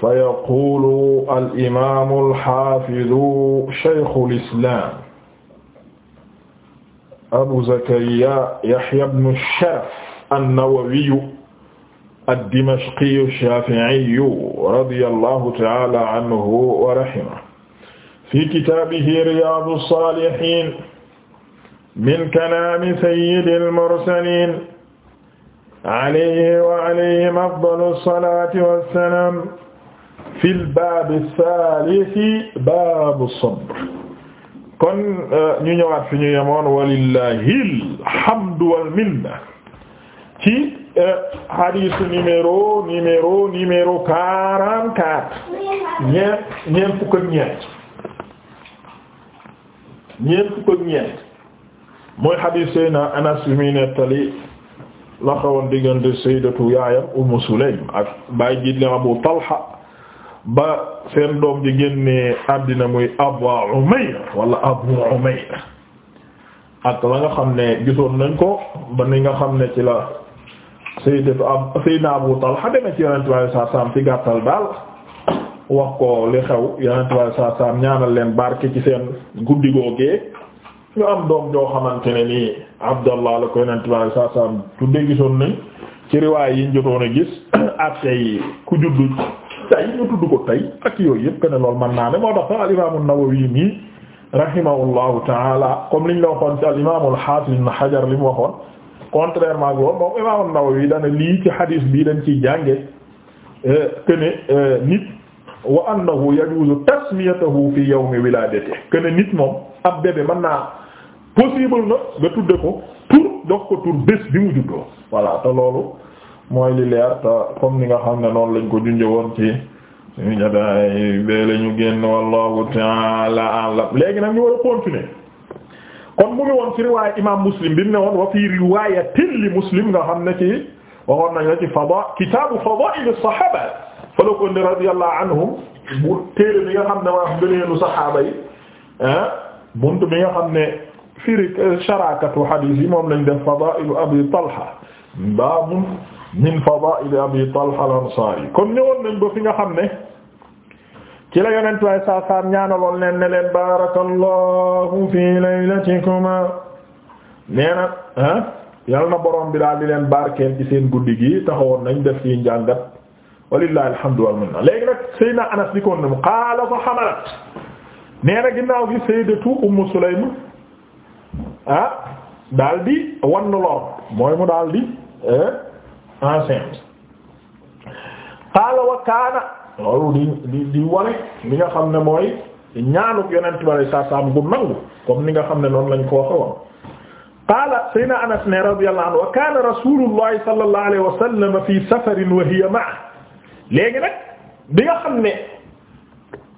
fa yaqulu al imaamu al xaafidu shaykhul islaam abu zakariya yaxya bnu sharaf annawawiyu addimashqiyu shaafi'iyu radiyallahu ta'aala anhu wa rahimahu fi kitaabihi riyaadu saalihiin min kalaami sayyidil mursaliin alayhi wa alayhim afdalu salaati wa salaam fil baabi saalisi kon euh, ñu ñëwaat fi ñu yemoon walillahil hamdu wal minna ci euh, hadith numéro numéro numéro quarante quatre ñeent ñeent fukk ak ñeent ñeent fukk ak ñeent mooy hadith Seydina Anas bi nettali la xawoon diggante sayyidatu yaayam Ummu Sulaym ak baay jiit Abu Talha ba seen doom ji génnee àddina muy Abu Umayr wala Abu Umayr ak la nga xam ne gisoon nañ ko ba ni nga xam ne ci la sayyidatu sayyidina Abu Talha deme ci yonent bi saa saam ci gàttal daal wax ko li xew yonent bi saa saam ñaanal leen barke ci seen guddi googee ñu am doom joo xamante ne nii Abdallah la ko yonent bi saa saam tudde gisoon nañ ci riwaay yi ñu jotoon a gis ak tey ku juddu tay ñu tudd ko tay ak yooyu yëpp que loolu mën naa ne moo tax sax al imaam an-Nawawi mi rahimahullahu taala comme liñ la waxoon ci al imaam al-Hafiz Ibn li mu waxoon contrairement ak loolu moom imaam an-Nawawi dana lii ci hadith bi dañ ciy jànge euh, que euh, nit wa annahu yajuzu tasmiyatuhu fi yawmi wiladatihi que ne nit moom ab bébé mën naa possible na nga tudde ko tur jox ko tur bés bi mu juddoo voilà te loolu mooy li leer te comme ni nga xam ne noonu lañ ko junjee woon ci suñu jotaay bee la ñu génn wallahu ta'ala a'lam léegi nag ñu war a continuer kon mu ngi woon ci riwaaya imam muslim bi mu ne woon wa fi riwaayatin li muslim nga xam ne ci waxoon nañ la ci fada kitaabu fadaa'il as-sahaaba fa la ko ni radiyallahu anhum bu téere bi nga xam ne wax gëneenu sahaaba yi ah buntu bi nga xam ne firi eh, sharakatu hadith yi moom lañ def fadaa'il abi talha baabun min fadaa'il abi talha al-ansaari kon ñëwoon nañ ba fi nga xam ne ci la yonent waay saa saa ñaanaloon leen ne leen barakallahu fi laylatikuma nee na ah, yal na borom bi daal di leen barkeel ci seen guddi gi taxawoon nañ def ci njàngat walillahi alhamdu wal minna léegi nag Seydina Anas di ko mu qaala fa hamalat nee na ginnaaw gi sayyidatu Ummu Sulaym ah daal di wan lor mooy mu daal di. Eh, enceinte qaala wa kaana loolu di di di wane li nga xam ne mooy ñaanuk yonent bi saa saa gu nangu ni nga xam ne noonu lañ ko waxe woon qaala sayna anas ne radiyallahu anhu wa kaana rasulullahi sallallahu alayhi wa fi safarin wa hiya ma'a léegi nag bi nga xam ne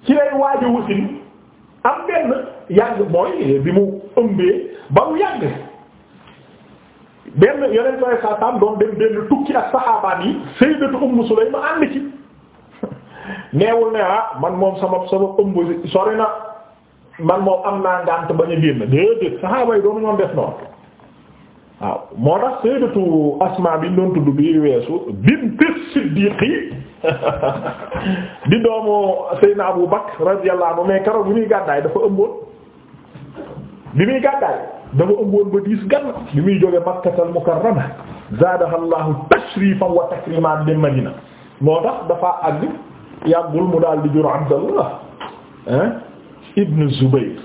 ci lay waaji wutin am benn yàgg mooy bi mu ëmbee ba mu yàgg benn yeneen sooy saasaam doon dem benn tukki ak saxaabaan yi sayyidatu Ummu Sulaym ma ànd ci neewul ne ah man moom sama sama ëmb sori man moom am naa ngànt bañ a génn déedéet saxaaba yi doon ñoon def noonu waaw moo tax sayyidatu Asmaa bi doon weesu di doomu Seydina Abu Bakr radiyallahu anhu mais keroog bi muy gàddaay dafa ëmboon bi muy gàddaay dafa ëmboon ba diis gan bi muy jóge makkatal mukarrama zaadaha llahu tashrifan wa takriman bi madina moo tax dafa àgg yàggul mu daal di jur abdallah ah ibn zubayr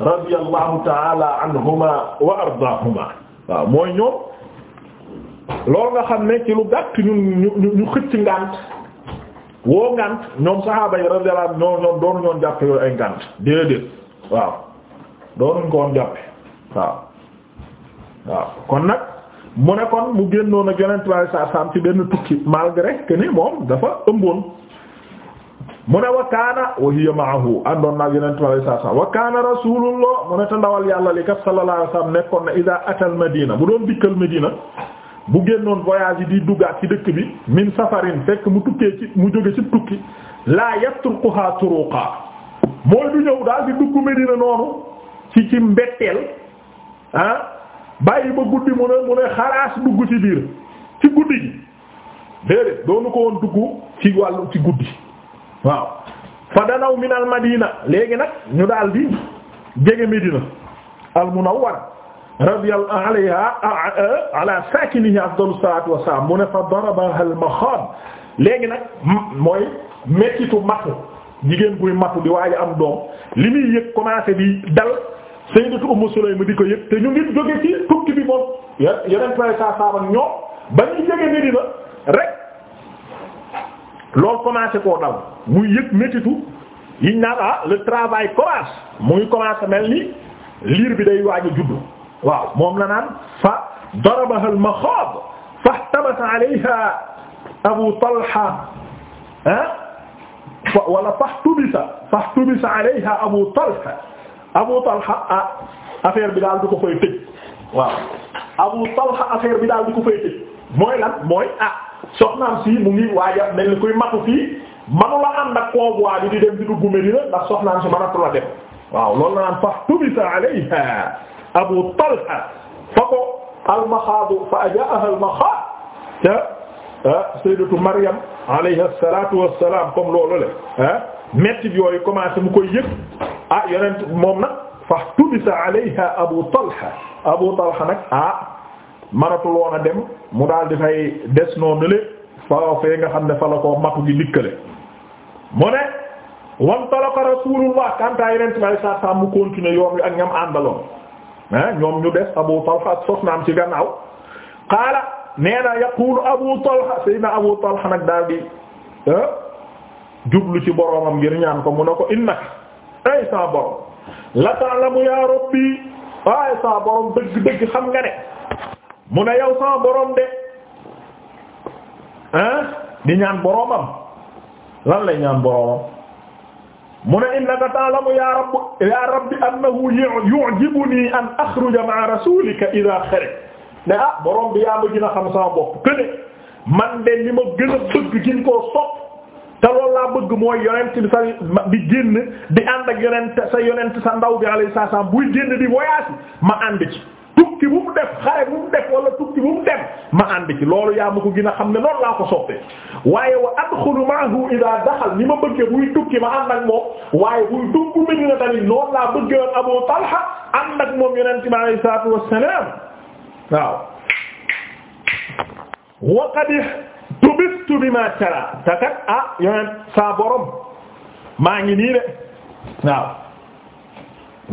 radiyallahu taala anhuma waaw mooy ñoom loolu nga xam ne ci lu gàtt ñu ñu xëcc ngànt woo ngànt ñoom sahaaba yi radiyallahu ñoo ñoom jàppe yooyu ay ngànt déedéet waaw doonuñ ko woon jàppe waaw waaw kon nag mu ne kon mu génnoon ak yonent bi saa saam ci benn tukki malgré que ni moom dafa ëmboon mu ne wa kaana wa àndoon naag yonent bi saa saam wa kaana rasulullah mu ne te ndawal yàlla li kat sallallahu alayhi wasallam nekkoon na idaa atal madina bu doon dikkal madina bu génnoon voyage yi di duggaat ci dëkk bi min safarin fekk mu tukkee ci mu jóge ci tukki laa yatruquha turuqa mooy du ñëw daal di dugg Medina noonu ci ci mbetteel ah bàyyi ba guddi mu ne mu ne xalaas dugg ci biir ci guddi gi déedéet doonu ko woon dugg ci wàllu ci guddi waaw fa danaw min al madina léegi nag ñu daal di jege Medina al munawwar radiyallahu alayha ala sakinihi afdalu salatu wassalam mu ne fa darabaha al maxaad léegi nag mooy mettitu matu jigéen buy matu di waaja am doom li muy yëg commencé di dal Sayyidatu Ummu Sulaym di ko yëg te ñu ngi jóge ci tukki bi moom yeneen pare saa saaban ñoom ba ñuy jóge Medina rek loolu commencé koo dal muy yëg métitu yiñ naan ah le travail commence muy commencé mel ni liir bi day waaj a juddu waaw moom la naan fa darabaha al maxaab fahtabasa alayha Abu Talha ah wala fahtubisa fahtubisa alayha Abu Talha Abu Talha ah bi daal di ko fay tëj waaw Abu Talha affaire bi daal di ko fay tëj mooy lan mooy ah soxnaam si mu ngi waaja mel ni kuy matu fii manu la ànd ak convoi bi di dem di dugg Medina ndax soxnaam si manatu dem waaw loolu la naan fa tubisa alayha Abu Talha fa ko almaxaadu fa ajaaha almaxaad te ah, sayyidatu Maryam alayha salaatu wassalaam comme loolu le bi yooyu commencé mu koy yëg ah yonent moom nag fa tubisa alayha abu talha abu talha nag ah maratul dem mu daal di fay des noonu le fa fee nga xam ne fa la ko matu gi dikkale mu ne wantalaqa rasulullah kantaa yonent may saa saa mu continuer yoon wi ak ñam àndaloon ah ñoom ñu des abu talha ak soxnaam ci gannaaw qaala nee na yaqulu abu talha sayyidina abu talha nag daal di ah, jublu ci boromam ngir ñaan ko mu ne ko innak ay sa borom la ta'lamu ya rabbi ay sa borom dëgg dëgg xam nga mu ne yow sa borom de ah di ñaan boromam lan lay ñaan boromam mu ne innaka ta'lamu ya rabbi ya rabbi annahu yu'jibuni an akhruja ma'a rasulika idha kharaj ne ah borom bi yaa ma gën a xam sama bopp man de li ma gën a bëgg gin te loolu laa bëgg mooy yonent bi sa bi génn di ànd ak yonent sa yonent sa ndaw bi alayhi salaam buy génn di voyage ma ànd ci tukki bu mu def xare bu mu def wala tukki bu mu def ma ànd ci loolu yaa ma ko gin a xam ne noonu laa ko soppee waaye wa adxulu ma'ahu ida daxal ni ma bëggee buy tukki ma ànd ak moom waaye buy dugg Medina tamit noonu laa bëggee woon Abu Talha ànd ak moom yonent bi alayhi sa wassalaam waaw tubistu bi ma tara te kat ah yonent saa borom maa ngi nii de waaw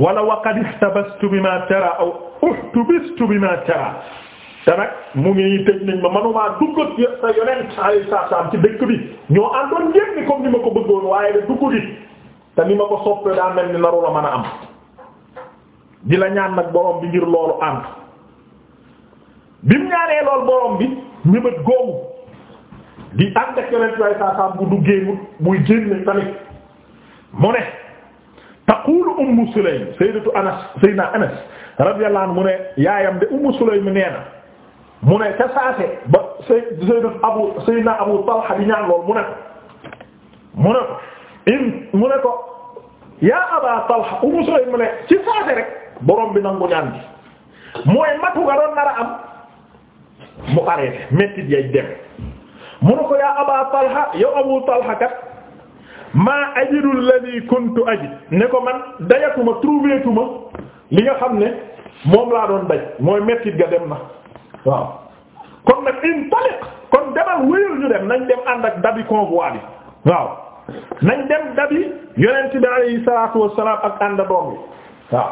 wala wa qad ihtabastu bi ma tara aw uhtubistu bi ma tara te nag mu ngi tëj nañ ma manumaa duggat sa yonent alayhi salaam ci dëkk bi ñoo àndoon yépp comme ni ma ko bëggoon waaye de dugg gi te ni ma ko soppee daa mel ni naru la mën a am di la ñaan nag borom bi ngir loolu ànd bi mu ñaanee lool borom bi ñëbët googu di ànd ak yonent way saa saam bu duggee mu muy génn tamit mu ne taqulu ummu sulaym sayyidatu anas sayyidina anas radiyallahu anhu mu ne yaayam de ummu sulaym nee na mu ne ca saase ba sayyidatu abu sayyidina abu talha di ñaan lool mu ne ko mu ne ko in mu ne ko yaa aba talha ummu sulaym mu ci saase rek borom bi nangu ñaan bi mooy matu nga doon nar a am mu arrêté métti yay dem mu ne ko yaa Aba Talha yow Abu Talha kat maa ajidu alladhi kuntu ajid ne ko man dayatuma trouvé tuma li nga xam ne moom laa doon daj mooy mettit ga dem na waaw kon nag intaliq kon demal wéyal ñu dem nañ dem ànd ak dabi convoi bi waaw nañ dem dabi yonent bi alayhi salaatu wassalaam ak ànd doom bi waaw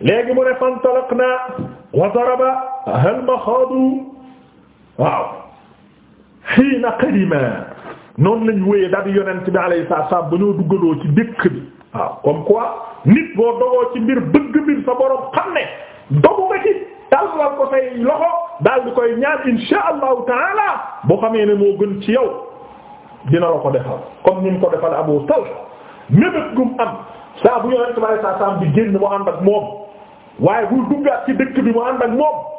léegi mu ne fantalaqna wa daraba hal maxaadu waaw xiina qadima noonu lañ wéyee daal di yonent bi alayhi salaam ba ñoo duggaloo ci dëkk bi waaw comme quoi nit boo dogoo ci mbir bëgg mbir sa borom xam ne dogu nga ci tàllal ko say loxo daal di koy ñaan insha allahu taala boo xamee ne moo gën ci yow dina la ko defal comme ni mu ko defal Abu Talha mébét gum am saa bu yonent bi alayhi salaam bi génn mu ànd ak moom waaye bu duggaat ci dëkk bi mu ànd ak moom.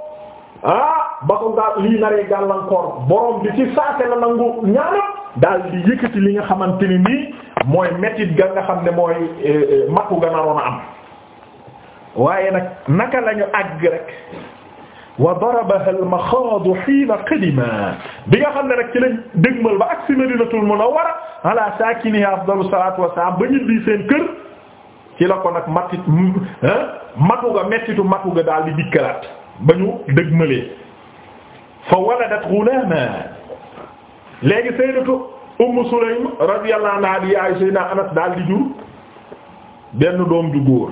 ah ba ko daal lii naree gàllankoor borom bi ci saase la nangu ñaanam daal di yëkkati li nga xamante ni nii mooy mettit ga nga xam ne mooy eh, eh, makku ga naroon a am waaye nag naka lañu àgg rek wa darabaha al-maxaad hiina qadima bi nga xam ne nag ci lañ dégmal ba ak si Madinatul Munawwara ala saakinihaa afdalu salaatu wa salaam ba ñibbi seen kër ci la ko nag matit eh, matu ga mettitu matu ga daal di dikkalaat ba ñu dëgmalee fa waladat ghulama léegi sayyidatu Umm Sulaym radiyallahu anha di yaay Seydina Anas daal di jur benn doom ju góor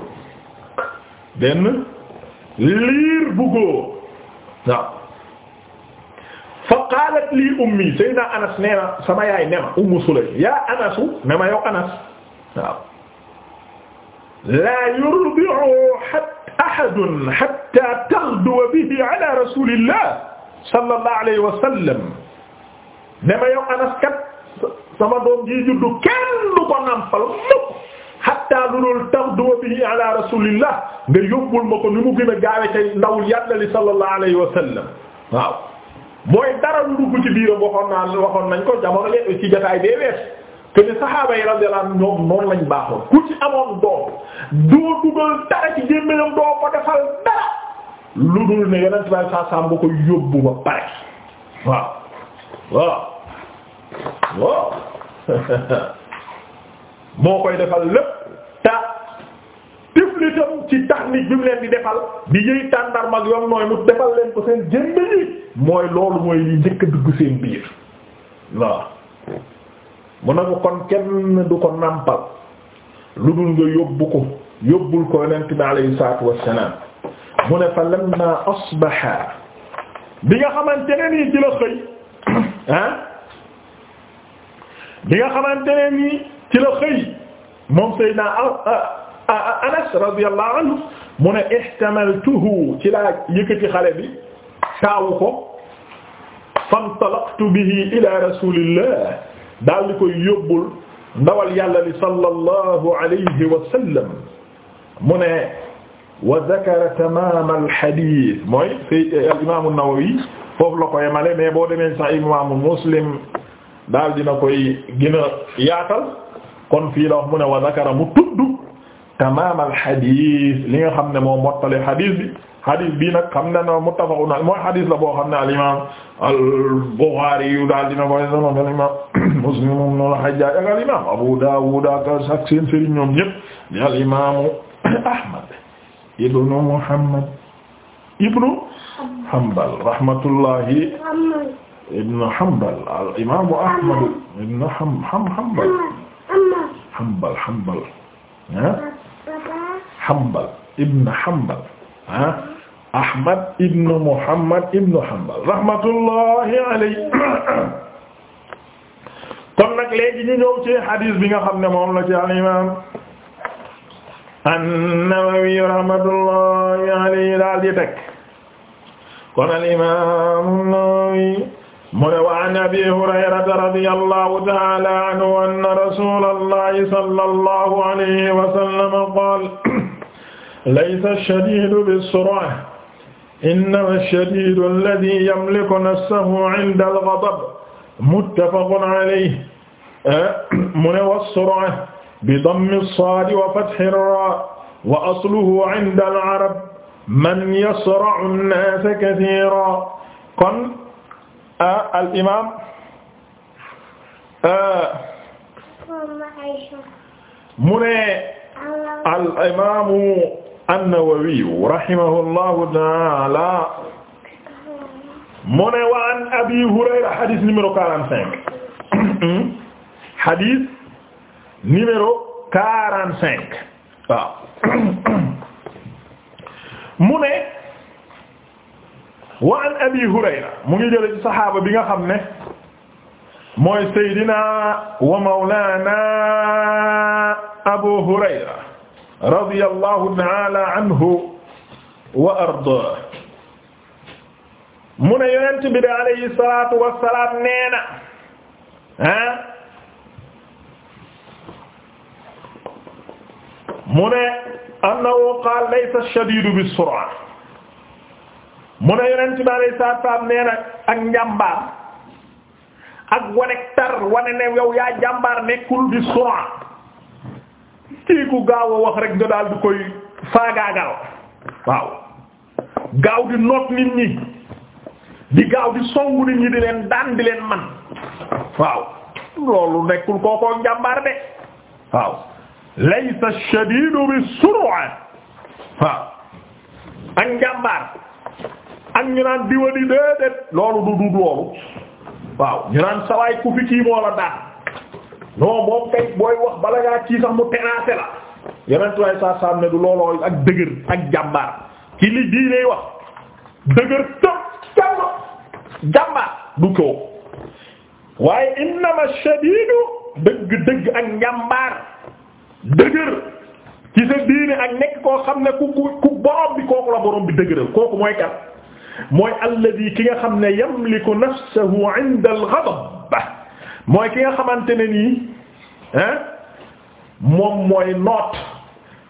benn liir bu góor waaw fa qaalat lii ummi Seydina Anas nee na sama yaay ne ma Umm Sulaym yaa Anasu ne ma yow Anas waaw laa yurdi'u ahadun hatta taghduwa bihi ala rasulillah sallallahu alayhi wa sallam ne ma yow Anas kat sama doom ji juddu kenn du ko nampal mukk hatta lulul taghduwa bihi ala rasulillah nga yóbbul ma ko ni mu gën a gaawe ca ndawul Yàlla li sallallahu alayhi wa sallam waaw mooy dara lu dugg ci biiram waxoon naa waxoon nañ ko jamono leen ci jotaay bee wees te ni saxaaba yi radiyallahu anhum ñoom noonu lañ baaxoon ku ci amoon doom doo dugal dara ci gémmiñam doo ko defal dara lu dul ne yeneen saa saa saa nga ko yóbbu ba pare waaw waaw moo koy defal lépp ta tiflitam ci technique bi mu leen di defal bi yëy tàndar mag yoon mooy mu defal leen ko seen gémmiñ mooy loolu mooy li njëkk dugg seen biir waaw mu ne ko kon kenn du ko nàmpal lu dul nga yóbbu ko yóbbul ko yonent bi alayhi salaatu wassalaam mu ne fa lamma asbaha bi nga xamante ne nii ci la xëy ah bi nga xamante ne nii ci la xëy moom Seydina Anas radiyallahu anhu mu ne ihtamaltuhu ci laa yëkkati xale bi taawu ko fantalaqtu bihi ila rasulillah daal di koy yóbbul ndawal yàlla li sallallahu alayhi wa sallam mu ne wa zakara tamaam alxadis mooy say eh, imaamu Nawawi foofu la ko yemale mais boo demee sax imaamu Muslim daal dina koy gën a yaatal kon fii la wax mu ne wa zakara mu tudd tamaam alxadis li nga xam ne moo mottale xadis bi xadis bii nag xam ne na muttafaqun mooy xadis la boo xam ne al imam al Bukhari yu daal dina koy sonal al imam Muslim ibn al Hajjaj ak al imam Abu Dawud ak seen sëriñ ñoom ñëpp di al imam Ahmad ibnu Muhammad ibnu Hanbal rahmatullahi ibnu Hanbal al imam Ahmad ibnu Hanbal Hanbal Hanbal ah Hanbal ibnu Hanbal ah Ahmad ibn Muhammad ibn Hanbal rahmatullahi alayhi kon nag léegi ñu ñëw ci hadis bi nga xam ne moom la ci al-Imam an-Nawawi rahmatullahi alayhi daal di teg kon al-Imam an-Nawawi mu ne wa an Abi Hurayrata radiyallahu ta'ala anhu anna rasulallahi sallallahu alayhi wa sallam qala laysa ash-shadidu bis-sur'ah innama shadiidu allazii yamliku nafsahu inda al-ghadab muttafaqun alayhi mu ne was-sur'a bi dammi as-saadi wa fathi ar-raa wa asluhu inda al-arab man yasra'u an-naasa kathiiran kon al-imaam mu ne al-imaam an-Nawawi rahimahullahu ta'ala mu ne wa an Abi Hurayra hadith numéro 45 hadith numéro 45 waaw mu ne wa an Abi Hurayra mu ngi jële ci saxaaba bi nga xam ne mooy Seydina wa Mawlana Abu Hurayra radiyallahu ta'ala anhu wa arda mu ne yonent bi de alayhi salaatu wa salaam nee na ah mu ne annahu qaala laysa ash-shadiidu bis-sur'a mu ne yonent bi alayhi salaatu wa salaam nee na ak njàmbaar ak wane tar wane ne yow yaa jàmbaar nekkul bi sur'a kii ku gaaw a wax rek nga daal di koy faagaagal waaw gaaw di noot nit ñi di gaaw di songu nit ñi di leen daan di leen man waaw loolu nekkul kookoo njàmbaar de waaw laysa shadidu bi sur'a waaw ak njàmbaar ak ñu naan diwa di déedéet loolu du du loolu waaw ñu naan sawaay ku fi kii moo la daan non moom kay booy wax bala ngaa kii sax mu terrassé la yeneen tuwaay ne du looloo ak dëgër ak jàmbaar ci li diine wax dëgër tëb jàmbaar jàmbaar du coow waaye innama shadidu dëgg dëgg ak njàmbaar dëgër ci sa diine ak nekk koo xam ne ku ku ku borom bi kooku la borom bi dëgëral kooku mooy kat mooy alladi ki nga xam ne yamliku nafsahu inda al-ghadab mooy ki nga xamante ne nii hein moom mooy noot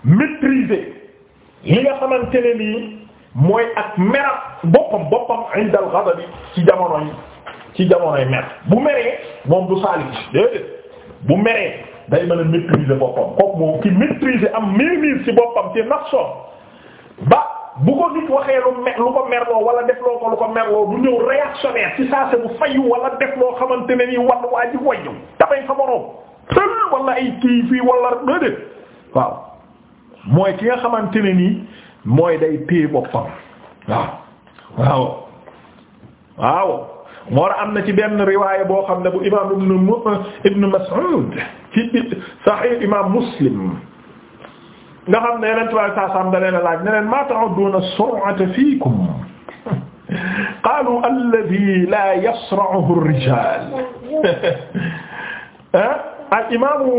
maîtriser li nga xamante ne nii mooy ak meram boppam boppam inda al ghadab ci jamonoy ci jamonoy mer bu meree moom du saali déedéet bu meree day mën a maîtriser boppam kooku moom ki maîtriser am maîtrise ci boppam ci nafsoom ba bu ko nit waxee lu me lu ko merloo wala def loo ko lu ko merloo du ñëw réactionnaire ci saa se bu fayu wala def loo xamante ne nii wàllu waa ji wàññi tabay sa moroom tël wala ay kii fii wala déedéet waaw mooy ki nga xamante ne nii mooy day téye boppam waaw waaw waaw moo am na ci benn riwaaya boo xam ne bu imaam ibn Mas'ud ci sahih imaam Muslim nga xam ne yeneen tubaab saa saam da leen a laaj ne leen maa ta'udduna as-sur'ata fiikum qaalu alladhi laa yasra'uhu ar-rijaal eh? al imaamu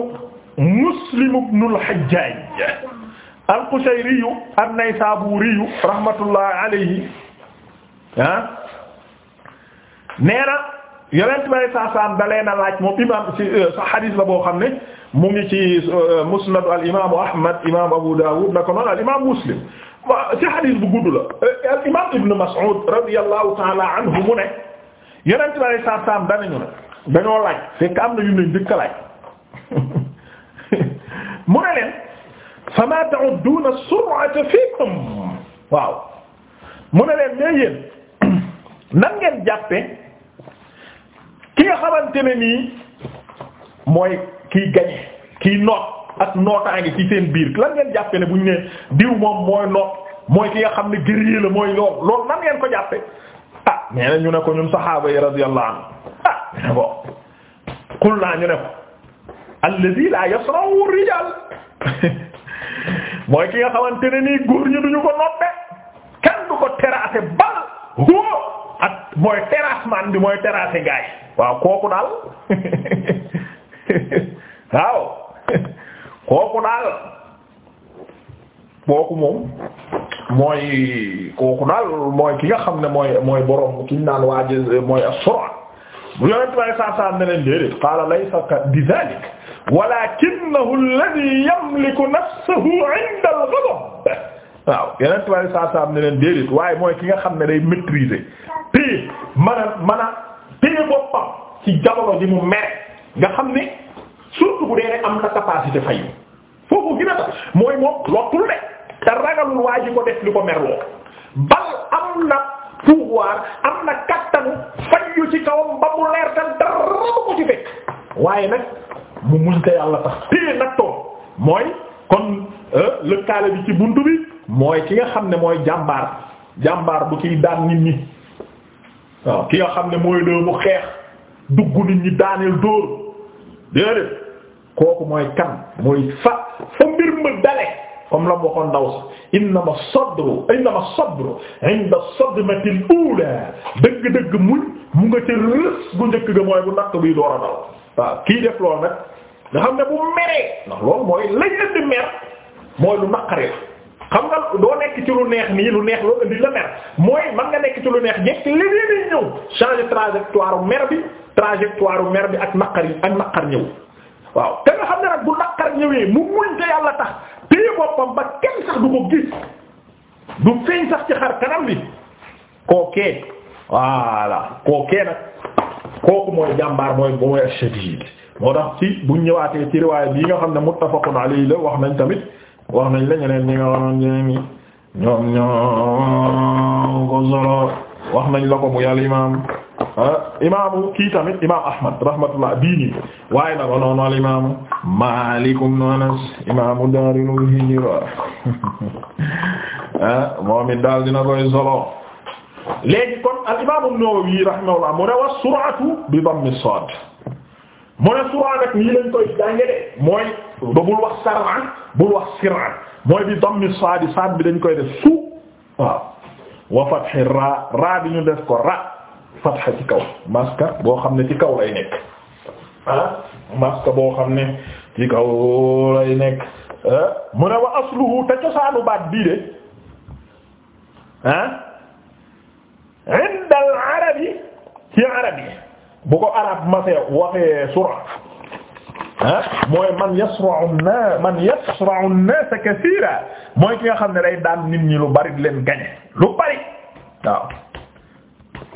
Muslim ibn al-Hajjaj al-Qushayri an-Naysaburi rahmatullahi alayhi ah nee na yonent bi saa saam dalee na laaj moom imaam euh, xadis la boo xam ne mu ngi ci euh, musnad al imaamu Ahmad imaam Abu Dawud naka noonu al imaam Muslim ci xadis bu gudd la euh, al imaam Ibn Mas'ud radiyallahu ta'ala anhu mu ne yonent bi saa saam danañu ne dañoo laaj fekk am na yu ne njëkk a laaj mu ne leen fa ma ta'udduna as-sur'ata fiikum waaw mu ne leen mais yéen nan ngeen jàppee. ki nga xamante ne nii mooy kiy gañe kiy noot ak nootaange ci seen biir lan ngeen jàppe ne bu ñu ne diw moom mooy noot mooy ki nga xam ne guerrier la mooy lool loolu lan ngeen ko jàppe ah nee na ñu ne ko ñun saxaaba yi radiyallahu anhu ah bon qul naa ñu ne ko alladhi la yasra'u rijal mooy ki nga xamante ne nii góor ñi duñu ko notte kenn du ko terrasser bal huwa ak mooy terrassement bi mooy terrasser gaay waaw kooku daal waaw kooku daal kooku moom mooy kooku daal mooy ki nga xam ne mooy mooy borom ki ñu naan waaje mooy as-sur'a bu yonent way saasaan ne leen déedéet qaala laysa bi dhalik walakinahu alladhi yamliku nafsahu 'inda al-ghadab waaw yonent ne leen déedéet waaye mooy ki nga xam ne day maîtriser te mën a mën téye boppam ci jamono ji mu mere nga xam ne surtout bu dee am na capacité fayu foofu gën a tax mooy moom lottul de te ragalul waa ji ko def li ko merloo bal am na pouvoir am na kattanu fayu ci kaw ba mu leer te dara ko ci fekk waaye nag mu muñ te yàlla tax téye nag toog mooy kon euh, lëkkaale bi ci buntu bi mooy ki nga xam ne mooy jàmbaar jàmbaar bu kiy daan nit ñi waaw ki xam ne mooy loo mu xeex dugg nit ñi daaneel dóor déedéet kooku mooy kan mooy fa fa mbir dale comme la mu waxoon ndaw sax innama sadru innama sadru inda sadmati al-ula dëgg-dëgg muñ mu nga ca rës bu njëkk ga mooy bu nakk bi door a dal waaw kii def loolu nag xam ne bu meree ndax loolu mooy lañ ëndi mer mooy lu naqari la xam nga doo nekk ci lu neex nii lu neex loo indi la mer mooy man nga nekk ci lu neex jekk leneen di ñëw changer trajectoire mer bi trajectoire mer bi ak naqar yi ak naqar ñëw waaw te nga xam ne nag bu naqar ñëwee mu muñ te yàlla tax téye boppam ba kenn sax du ko gis du feeñ sax ci xar kanam bi kookee voilà kookee nag kooku mooy jàmbaar mooy mooy shadid moo tax ci bu ñëwaatee ci riwaaya bi nga xam ne muttafaqun alayhi la wax nañ tamit wax nañ la ñeneen ñi nga xamoon ñeeni ñoom ñoo ko solo wax nañ la ko mu yàlla imaam ah, imaamu kii tamit imaam Ahmad rahmatullah diini waaye naka noonu al imaamu Maalik ibn Anas imaamu daaril hijra ah, moom it daal dina koy solo léegi kon al imaamu an-Nawawi rahimahullah mu ne wa sur'atu bi dammi saad mu ne suraa nag nii lañ koy jàngale mooy ba bul sar'an bul sir'an mooy bi dammi saadi saad bi dañ koy def su waaw wa fathi bi ñu def ra fatha ci maska boo xam ne ci kaw lay nekk ah maska boo ne ci kaw lay nekk eh, mu baat bii de ah arab yi bu sura mooy man yasra'u an man yasra'u an-nas kaseera mooy ki nga xam ne day daal nit ñi lu bari leen gañe lu bari waaw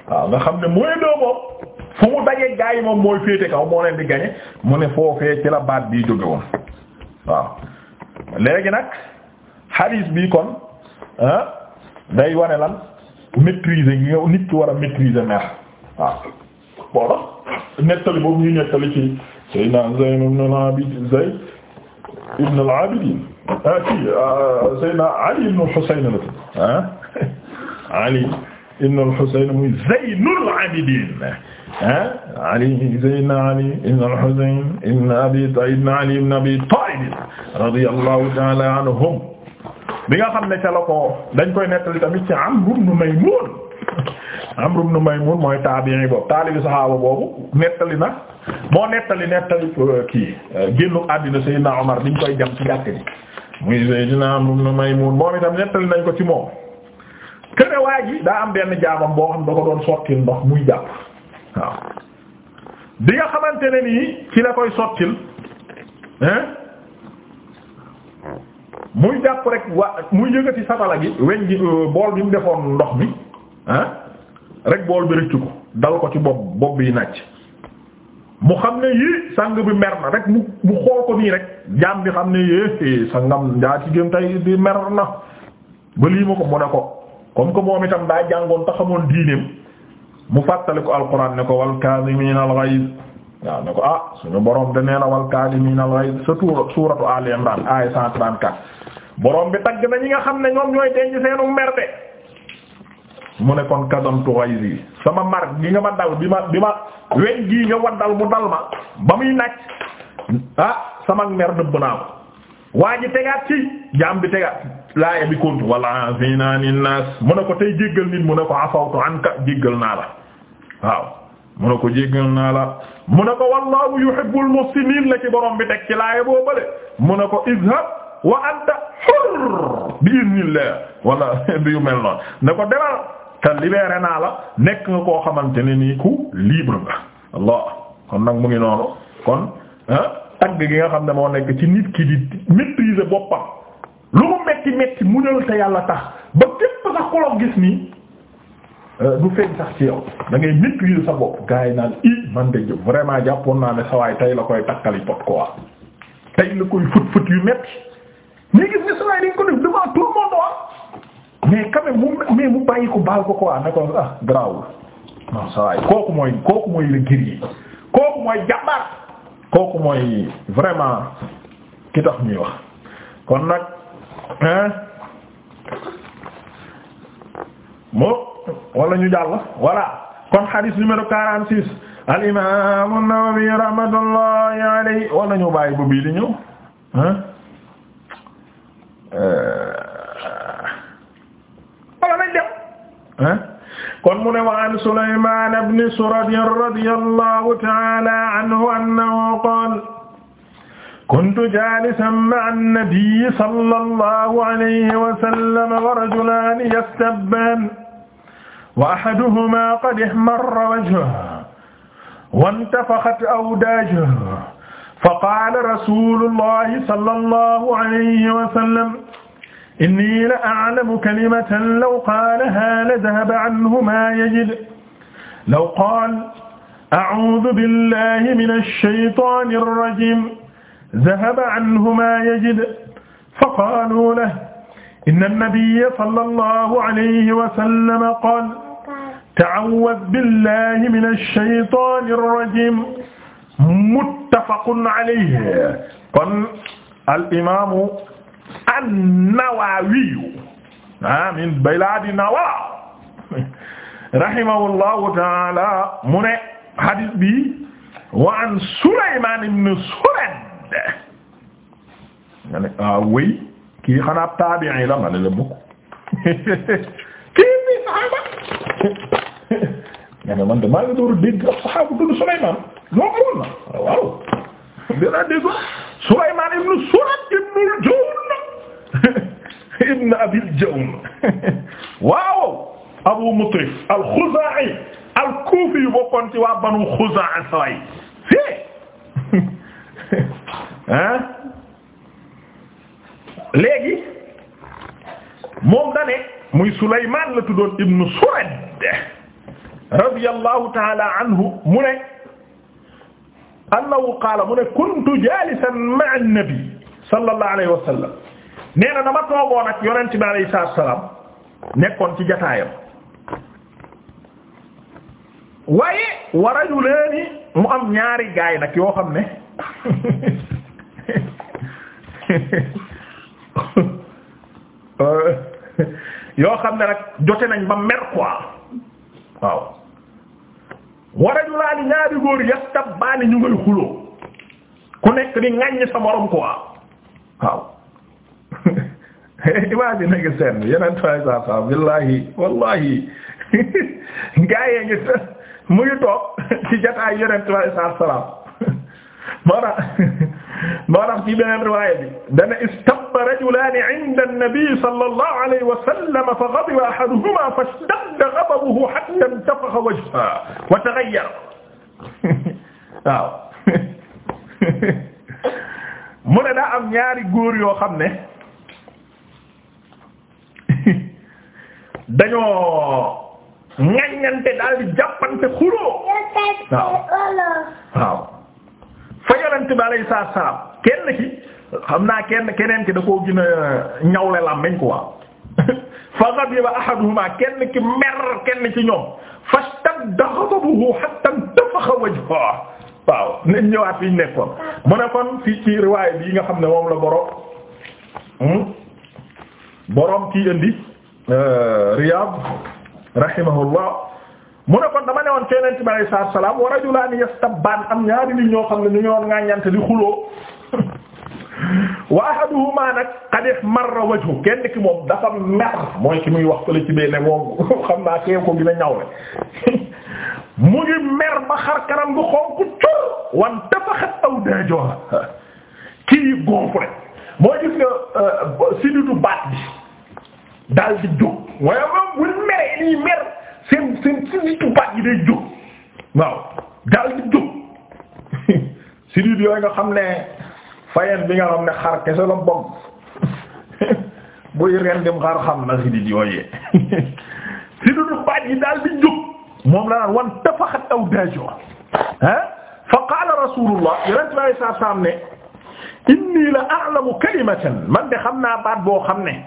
waaw nga xam ne mooy doo moom fu mu dajee gaa yi moom mooy féete kaw moo leen di gañe mu ne foofee ci la baat bii jóge woon waaw léegi nag hadis bi kon day wane lan maîtriser yow nit ki war a maîtriser mer waaw boo nettali boobu ñuy nettali ci Seydina Zayn ibn al-Abidin Zayn ibn al-Abidin ah kii ah, Seydina Ali ibn al-Husayn la ah Ali ibn al-Husayn muy Zaynul Abidin ah Ali Seydina Ali ibn al-Husayn ibn Abi Talib Ali ibn Abi Talib radiyallahu ta'ala anhum bi nga xam ne ca la ko dañ koy nettali tamit ci Amr ibn Maymun Amr ibn Maymun mooy taabi'i boobu taalibi saxaaba boobu nettali na. moo nettali nettali euh, kii euh, génnu àddina Seydina Omar niñ koy jam ci jàkk ji muy Seydina ibn Maymun moom itam nettali nañ ko ci moom kene waa ji daa am benn jaamam boo xam da ko doon sottil ndox muy jàpp waaw bi nga xamante ne nii ci la koy sottil hein muy jàpp rek wa muy yëngati satala gi weñ gi euh, bool bi mu defoon ndox mi ah rek bool bi rëccu ko dal ko ci bopp bopp yi nàcc mu xam ne yii sang bi mer na rek mu mu xool ko nii rek jaam bi xam ne yee eh, sangam njaa ci gém tey di mer na ba lii ma ko mu ne ko comme que moom itam daa jàngoon ta xamoon diineem mu fàttali ko alquran ne ko wal kaazimiina al ghayz waaw ne ko ah suñu borom de nee na wal kaazimiina al ghayz surtout suuratu Al Imran aaya 134 borom bi tagg na nga xam ne ñoom ñooy denc seenu mer de mu ne kon kasamtu ghayzi sama mar gi nga ma dal bi ma bi ma weñ gii nga waddal mu dal ma ba muy naaj ah sama mer dëbb naa ko waa ji tegaat ci jaam bi tegaat laaya bi kontu wala afina nin mu ne ko tey jéggal nit mu ne ko afawtu anka jéggal naa la waaw mu ne ko jéggal naa la mu ne ko wallahu yuhibbul muhsinin la ci borom bi teg ci laaya boobale mu ne ko izhab wa anta hurr bi idnillah wala bi yu mel noonu ne ko demal te libéré naa la nekk nga koo xamante ne nii ku libre nga Allah kon nag mu ngi noonu kon ah, tagg gi nga xam ne moo nekk ci nit ki di maîtriser boppam lu mu metti metti muñal te yàlla tax ba képp sax xolom gis nii euh, du feeñ sax ci yow da ngay sa bopp gars naan i man de vraiment jàppoon naa ne sawaay tey la koy takkali pot quoi tey la koy fët fët yu metti mais gis nga sawaay dañ ko def devant tout le mais quand même mu mais mu bàyyi ko baal ko ko ah garaawul non ça va kooku mooy kooku mooy le guerrier kooku mooy jàmbaar kooku mooy vraiment ñuy wax kon nag hein moo wala ñu jàll voilà kon hadith numéro 46 al imam an-Nawawi rahmatullahi alayhi wala ñu bàyyi ba bii di ñëw nañ dem ah kon mu ne waan Sulaymaan ibn Surad radiyallahu ta'ala anhu annahu qaala kuntu jaalisan ma'a an-nabiyyi sallallahu alayhi wa sallam wa rajulaani yastabbaani wa ahaduhumaa qad ihmarra wajhuhu وانتفخت أوداجه فقال رسول الله صلى الله عليه وسلم inni la a'lamu kalimatan law qaalahaa la dhahaba anhu maa yajid law qaala a'uudu billahi mina shaytaani rajiim dhahaba anhu maa yajid faqaaluu lahu inna nabiyya sallallahu alayhi wa sallam qaala ta'awwadh billahi mina shaytaani rajiim muttafaqun alayhi kon al imaamu an-Nawawi ah min biladi Nawa rahimahullahu taala mu ne hadis bi wa an Sulaymaan ibn Surad nga ne ah wéy kii xanaa taabi'i la ma ne la mukk kii bi saxaaba nga ne man de maa ngi door dégg ak saxaaba dund Sulaymaan noo amoon na ah, waaw dina dégg Sulaymaan ibn Surad ibn al-Jawr ibn Abil Jahm waaw Abu Mutrif al-Khuzaa'i al-Kuufi yu bokkoon ci waa Banu Khuzaa saway fii ah léegi moom dane muy Sulaymaan la tuddoon ibn Surad radiyallahu ta'ala anhu mu ne annahu qaala mu ne kuntu jaalisan ma'a an-nabi sallallahu alayhi wa sallam nee na dama toogoon ak yonent bi alayhi salaam nekkoon ci jataayam waaye wa rajulaani mu am ñaari gaay nag yoo xam ne yoo xam ne rek jote nañ ba mer quoi waaw wa rajulaani ñaari góor yastabbaani ñu ngay xuloo ku nekk di ŋaññ sa morom quoi waaw imagine nga seen yeneen trois cent cent billahi wallahi gaa yee ngi mu ngi toog ci jotaay yeneen trois cent salaam moo tax moo tax ci beneen riwaaya bi dana istabba rajulaani inda an-nabi sallallahu alayhi wa sallam fa ghadiba ahaduhuma fashtadda ghadabuhu hatta intafaxa wajhuhu wa taghayyara waaw mu ne daa am ñaari góor yoo xam ne dañoo ŋaññante daal di jàppante xuloo fa yonent bi alayhi salaatu salaam kenn ki naa kenn keneen ki da ko gën a ñawle làmmiñ quoi fa ghadiba ahaduhuma kenn ki mer kenn ci ñoom fastadda ghadabuhu hatta intafakha wajhuhu waaw nit ñëwaat fi ñu nekkoon mu ne kon fii ci riwaay bi nga xam ne moom la borom hmm? borom kii indi Euh, Riyad rahimahullah mu ne kon dama ne woon keneen ci alayhi salaatu salaam wa rajulaani yastabbaan am ñaari nit ñoo xam ne ñu ngi woon ŋàññante di xuloo wa ahaduhuma nag qad ihmarra wajhu kenn ki moom dafa mer mooy ki muy wax fële ci benn moom xam naa kii ko dina ñaw rek mu ngi mer ba xar kanam bu xonku cur wan tafaxat awdaajuha kii gonflé mooy gis nga euh, sidditu baat bi. daal di jóg waaye moom bu ñu di jóg sidid ne fayen bi nga xam ne xar kese la bom buy rendim xar xam na sidid yooyee sididu baat yi daal di jóg moom la naan wan tafaxat aw dajoo ah fa qaala rasulullah yonent bi alei saat ne inni la a'lamu kalimatan man de xam naa baat boo xam ne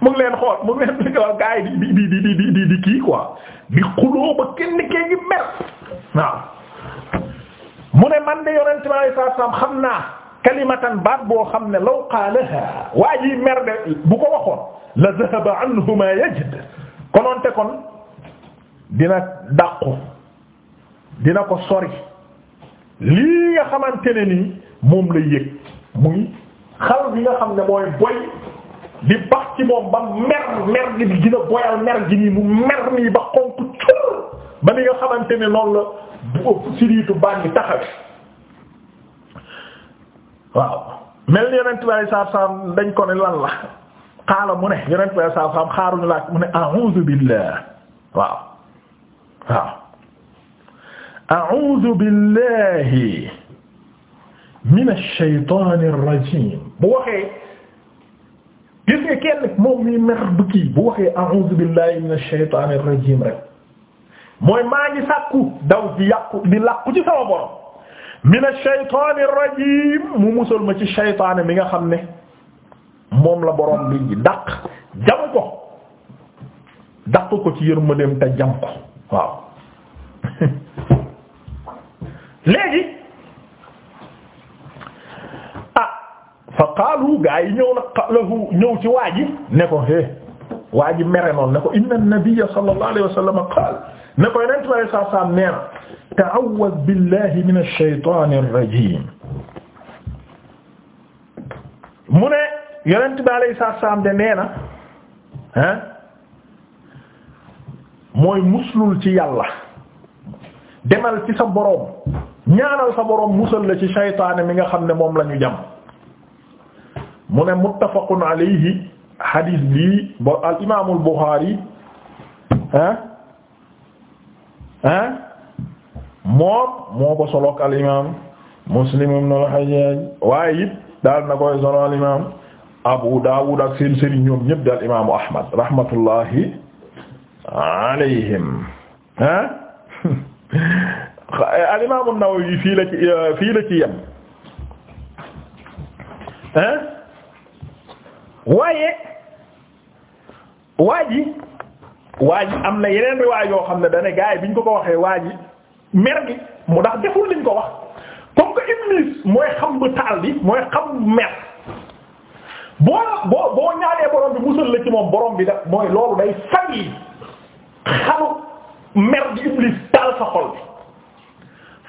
mu ngi leen xool mu leen di xool gars di di di di di kii quoi di xuloo ba kenn kee mer waaw mu ne man de yonent bi alayhi salaam xam naa kalimatan baat boo xam ne law qaalaha waa ji mer de bu ko waxoon la dhahaba anhu ma yajid kononte kon dina dàqu dina ko sori lii nga xamante ne nii moom la yëg muy xal bi xam ne mooy boy di bax ci moom ba mer mer gi di gën a boyal mer gi nii mu mer nii ba xonk cur ba ni nga xamante ne noonu la siriitu baan gi taxawe waaw mel ni yonent bi sallallahu alayhi wasallam dañ ko ne lan la xaala mu ne yonent bi sallallahu alayhi wasallam xaaruñu laaj mu ne a'udhu billah waaw waaw a'udhu billahi minash shaytaanir rajiim bu waxee gis nga kenn moom mi mer bu kii bu waxee a'udhu billahi minash shaytanir rajim rek mooy maa ngi sàkku daw di yàqu di làqu ci sama borom minash shaytanir rajim mu musal ma ci shaytaane mi nga xam ne moom la borom bi daq jam ko daq ko ci yërmandeem te jam ko waaw fa qaalu gaa yi ñëw nag lahu ñëw ci waa ji ne ko hé waa ji mere noonu ne ko inna nabiyya sallallahu alayhi wa sallam qaal bi alayhi salaam nee na ta'awwaz billahi min ash-shaytaani ar-rajiim mu ne yonent bi salaam de nee na ah mooy muslul ci yàlla demal ci sa boroom ñaanal sa boroom musal la ci shaytaan mi nga xam ne moom la ñu jam mu ne muttafaqun alayhi hadis bii ba al imaamul Buxaari ah ah moom moo ko solook al imaam Muslim ibn al-Hajjaj waaye it daal na koy solo al imaam Abu Dawud ak seen sëriñ ñoom ñëpp daal imaamu Ahmad rahmatullahi alayhim ah al imaam an-Nawawi fii la ci fii la ci yem ah. waaye waa ji waa ji am na yeneen riwaay yoo xam ne dane gars yi bi ñu ko ko waxee waa ji mer gi mu ndax deful liñ ko wax comme Iblis mooy xam bu taal bi mooy xam mer boo boo boo ñaanee borom bi musal la ci moom borom bi da mooy loolu day fan yi xamu mer gi Iblis taal sa xol bi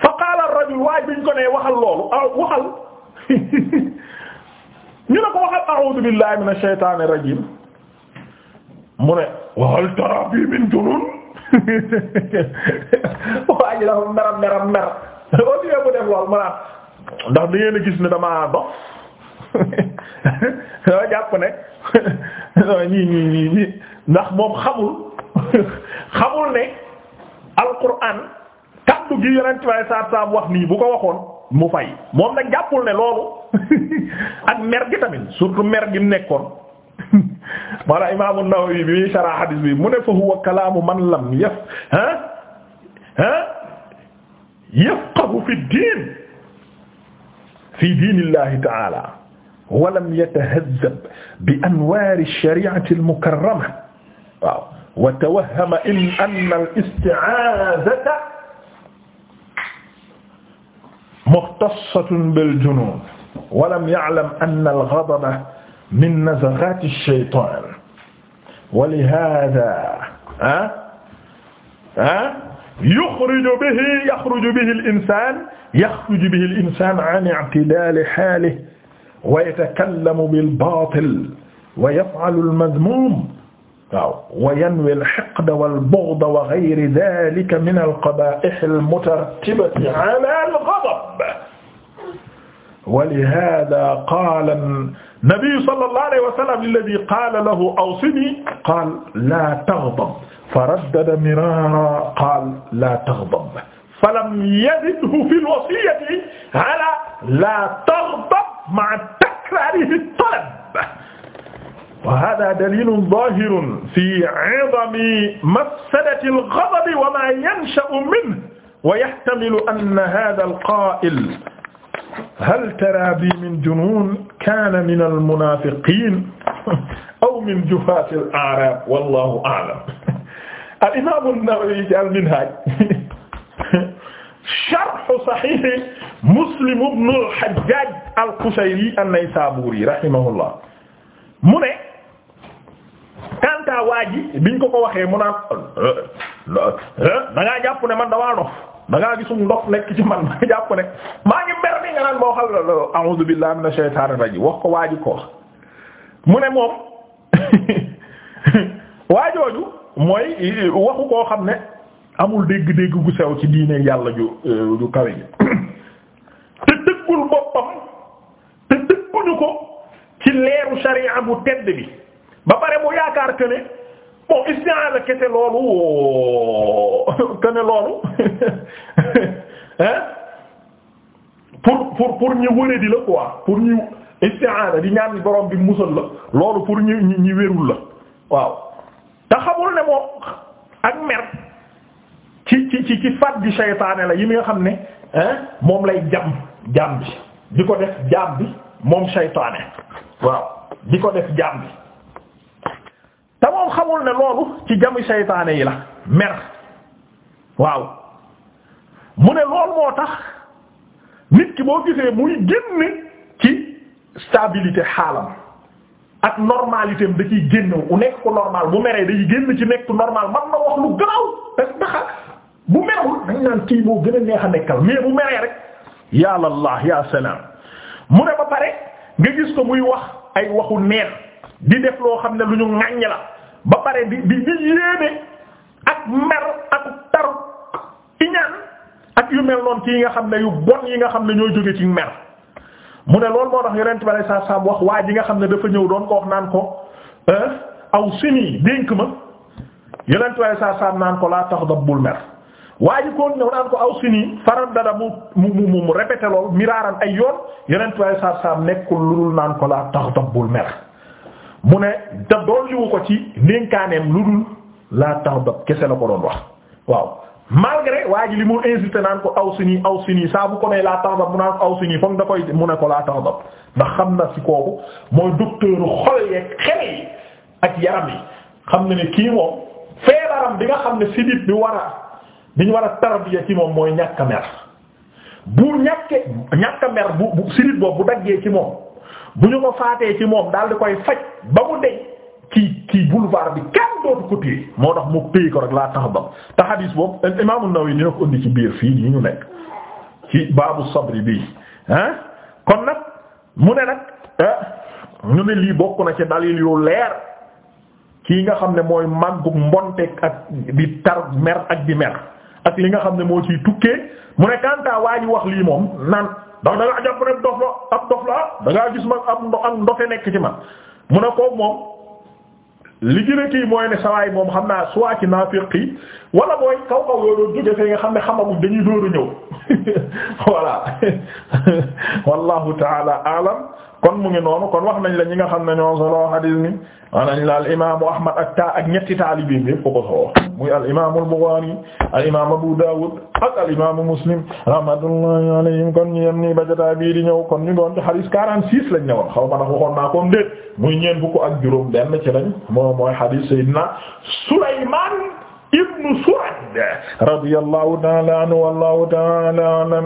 fa qaala ar-rajul bi ñu ko ne waxal loolu ah waxal ñu ne ko waxal a'uudu billahi minash shaytaanir rajiim mu ne wa hal taraa fii waa ji dafa meram meram mer au lieu bu def lool mu naan ndax da ngeen gis ne damaa dox dama jàpp ne ñii ñii ñii ñii ndax moom xamul xamul ne alquran kaddu gi yonent bi sallallahu alayhi wax nii bu ko waxoon. mu fay moom nag jàppul ne loolu ak mer gi tamit surtout mer gi mu nekkoon walla imaamu Nawawi bi muy sarah hadis bi mu ne fa huwa kalaamu man lam yaf ah ah yafqahu fi diin fi diinillahi ta'ala wa lam yatahazzab bi anwaari shari'ati al-mukarrama waaw wa tawahhama in anna al-isti'aazata muxtassatun bil junuun wa lam ya'lam anna al-ghadaba min nazaghaati ash-shaytaan wa lihaadaa ah ah yuxriju bihi yaxruju bihi al-insaan yaxruju bihi al-insaan an i'tidaali haalihi wa yatakallamu bil baatil wa yaf'alu al-madmuum waaw wa yanwi al-hiqda wal-bughda wa ghayri dhalika min al-qaba'ih al-mutartibati 'ala al-ghadab wa lihadha qala an-nabiy sallallahu alayhi wa sallam lilladhi qala lahu awsini qala la taghdab faraddada miraran qala la taghdab falam yazidhu fi al-wasiyyati 'ala la taghdab ma'a takrarihi at-talab wa hada dalilun zahirun fi idami mafsadati al-ghadabi wa ma yansha'u minhu wa yahtamilu anna hada al-qa'il hal tara bi min junun kana min al-munafiqin aw min jufat al-a'rab wallahu a'lam al-imam an-Nawawi ci al-Minhaj sharh sahih Muslim ibn al-Hajjaj al-Qushayri an-Naysaburi rahimahullah mu ne kanta waa ji biñ ko ko waxee mu naan eh, eh, da ngaa ne man damaa dof da ngaa gisum ndox nekk ci man da nga jàpp ne maa ngi mer ni nga naan moo xam a'udhu billahi minash shaytanir rajim wax ko waaju ji ko wax mu ne moom waajooju mooy waxu koo xam ne amul dégg-dégg gu sew ci diine yàlla ju eh, ju kawe ji te dëggul boppam te dëgguñu ko ci leeru sharia bu tedd bi ba pare mu yaakaar que ne bon isti'aza kese loolu que ne loolu hein pour pour pour ñu wëree di la quoi pour ñu isti'aza di ñaan borom bi musal la loolu pour ñu ñi wérul la waaw te xamul ne moom ak mer ci ci ci fat bi seytaane la yi nga xam ne hein moom lay jam jam bi di ko def jam bi moom seytaane waaw di ko def jam bi moom xamul ne loolu ci jamu seytaane yi la mer waaw mu ne loolu moo tax nit ki boo gisee muy génn ci stabilité xaalam ak normalité da ciy génn u nekk ko normal bu meree day génn ci nekk normal man na wax lu garaw parce que daxa bu merewul dañ naan kii boo gën a neex a nekkal mais bu meree rek ya Allah ya salaam mu ne ba pare nga gis ko muy wax ay waxu neex di def loo xam ne lu ñu ŋàññ la ba pare di di yéene ak mer ak taru iñaan ak yu mel noonu ci yi nga xam ne yu bon yi nga xam ne ñooy jóge ci mer mu ne loolu moo tax yonent bi sallallahu wax waa ji nga xam ne dafa ñëw doon ko wax naan ko eh, aw sini dénk ma yonent bi sallallahu alayhi wasallam naan ko laa taxdab bul mer waa ji koon ñëw naan ko aw sini faral dara mu mu mu mu répété lool miraaran ay yoon yonent bi sallallahu alayhi wasallam nekkul lu dul naan ko laa taxdab bul mer mu ne te dolliwu ko ci ndénkaaneem lu dul laa tax kese la ko doon wax waaw malgré waa ji li mu insisté naan ko aw si nii aw si nii saa ko nee laa tax mu naan aw si nii foog da koy mu ne ko laa tax ndax xam na si kooku mooy ak yaram yi na ne kii bi nga xam ne sidit bi war a war a tarbiya ci moom mooy ñàkk a mer bu ñàkkee ñàkk mer bu bu sidit boobu bu daggee ci moom. bu ñu ko faatee ci moom daal di koy faj ba mu deñ kii kii boulevard bi kenn dootu ko téye moo tax mu téye ko rek laa tax ba te xadiis boobu Imaam An-Nawawi dina ko indi ci biir fii nii ñu nekk ci baabu sabri bi ah kon nag mu ne nag ah ñu ne lii bokk na ci dalil yu leer kii nga xam ne mooy màggug mbonte ak di tar mer ak di mer ak li nga xam ne moo ciy tukkee mu ne Kantaa waa ñu wax lii moom naan. ndax da ngaa jàpp rek dof la ab dof la da gis ma am ndo am ndofe nekk ci ma mu ne ko moom li gën a kii mooy ne sawaay moom xam naa soit ci naafiq yi wala mooy kaw kaw yoo doon jóge fee nga xam ne xamaguñ dañuy dóoru ñëw voilà wallahu taala alam kon mu ngi noonu kon wax nañ la ñi nga xam ne ñoo solo hadis ni wax nañ la al imaamu Ahmad ak ta ñetti taalibiin bi foo ko solo muy al imaamu al Bukhari al Abu Dawud ak al imaamu Muslim rahmatullahi alayhim kon ñu yem nii bajataay bii di ñëw kon ñu doon ci hadis 46 lañ ne woon xaw ma nag waxoon naa Seydina Sulaymaan ibnu Surad radiyallahu ta'ala anhu wallahu ta'ala a'lam